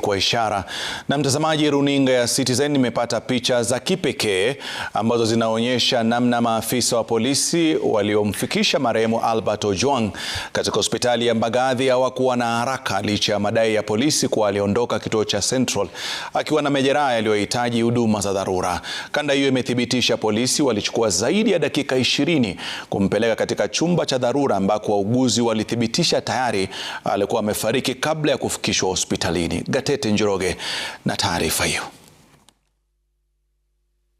Kwa ishara na mtazamaji runinga ya Citizen nimepata picha za kipekee ambazo zinaonyesha namna maafisa wa polisi waliomfikisha marehemu Albert Ojwang katika hospitali ya Mbagathi hawakuwa na haraka licha ya madai ya polisi kuwa aliondoka kituo cha Central akiwa na majeraha yaliyohitaji huduma za dharura. Kanda hiyo imethibitisha polisi walichukua zaidi ya dakika ishirini kumpeleka katika chumba cha dharura ambako wauguzi walithibitisha tayari alikuwa amefariki kabla ya kufikishwa hospitalini. Gatete Njoroge na taarifa hiyo.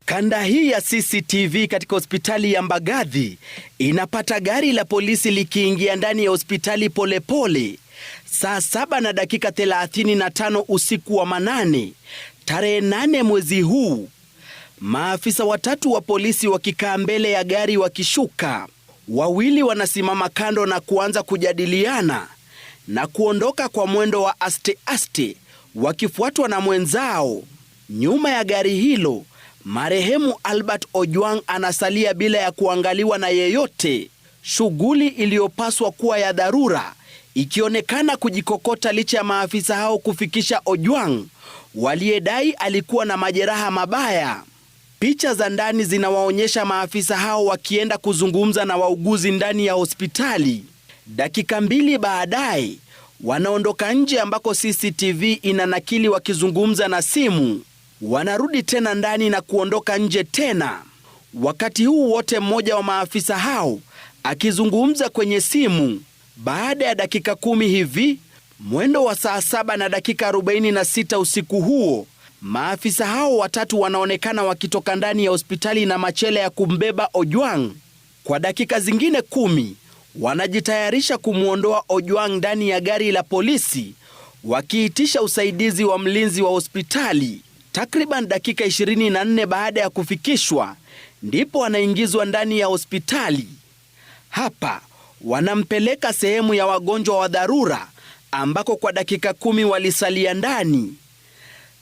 Kanda hii ya CCTV katika hospitali ya Mbagathi inapata gari la polisi likiingia ndani ya hospitali polepole saa saba na dakika 35 usiku wa manane tarehe 8 mwezi huu, maafisa watatu wa polisi wakikaa mbele ya gari wakishuka, wawili wanasimama kando na kuanza kujadiliana na kuondoka kwa mwendo wa aste aste wakifuatwa na mwenzao. Nyuma ya gari hilo, marehemu Albert Ojwang anasalia bila ya kuangaliwa na yeyote, shughuli iliyopaswa kuwa ya dharura ikionekana kujikokota licha ya maafisa hao kufikisha Ojwang waliyedai alikuwa na majeraha mabaya. Picha za ndani zinawaonyesha maafisa hao wakienda kuzungumza na wauguzi ndani ya hospitali. Dakika mbili baadaye wanaondoka nje ambako CCTV inanakili wakizungumza na simu, wanarudi tena ndani na kuondoka nje tena. Wakati huu wote mmoja wa maafisa hao akizungumza kwenye simu. Baada ya dakika kumi hivi mwendo wa saa saba na dakika 46 usiku huo, maafisa hao watatu wanaonekana wakitoka ndani ya hospitali na machele ya kumbeba Ojwang. Kwa dakika zingine kumi wanajitayarisha kumwondoa Ojwang ndani ya gari la polisi wakiitisha usaidizi wa mlinzi wa hospitali. Takriban dakika 24 baada ya kufikishwa, ndipo anaingizwa ndani ya hospitali. Hapa wanampeleka sehemu ya wagonjwa wa dharura ambako kwa dakika kumi walisalia ndani.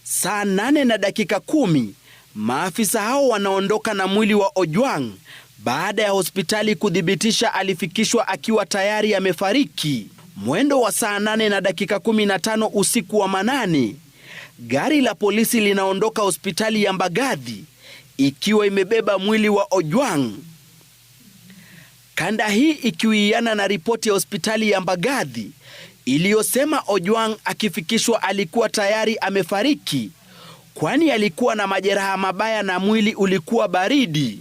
Saa nane na dakika kumi maafisa hao wanaondoka na mwili wa Ojwang baada ya hospitali kuthibitisha alifikishwa akiwa tayari amefariki. Mwendo wa saa nane na dakika tano usiku wa manane, gari la polisi linaondoka hospitali ya Mbagathi ikiwa imebeba mwili wa Ojwang. Kanda hii ikiwiana na ripoti ya hospitali ya Mbagathi iliyosema Ojwang akifikishwa alikuwa tayari amefariki, kwani alikuwa na majeraha mabaya na mwili ulikuwa baridi.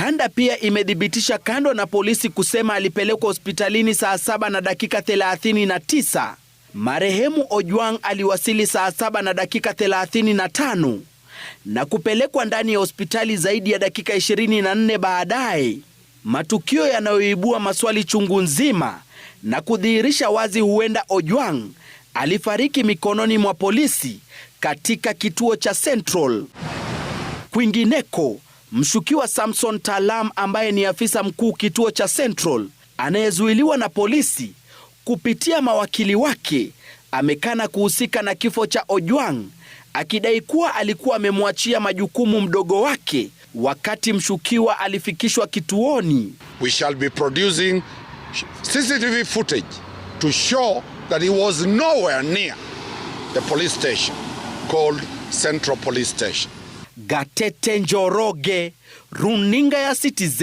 Kanda pia imethibitisha kando na polisi kusema alipelekwa hospitalini saa saba na dakika 39. Marehemu Ojwang aliwasili saa saba na dakika 35 na kupelekwa ndani ya hospitali zaidi ya dakika 24 baadaye, matukio yanayoibua maswali chungu nzima na kudhihirisha wazi huenda Ojwang alifariki mikononi mwa polisi katika kituo cha Central. Kwingineko, Mshukiwa Samson Talam ambaye ni afisa mkuu kituo cha Central anayezuiliwa na polisi kupitia mawakili wake amekana kuhusika na kifo cha Ojwang akidai kuwa alikuwa amemwachia majukumu mdogo wake wakati mshukiwa alifikishwa kituoni. We shall be producing CCTV footage to show that he was nowhere near the police station called Central Police Station. Gatete Njoroge, runinga ya Citizen.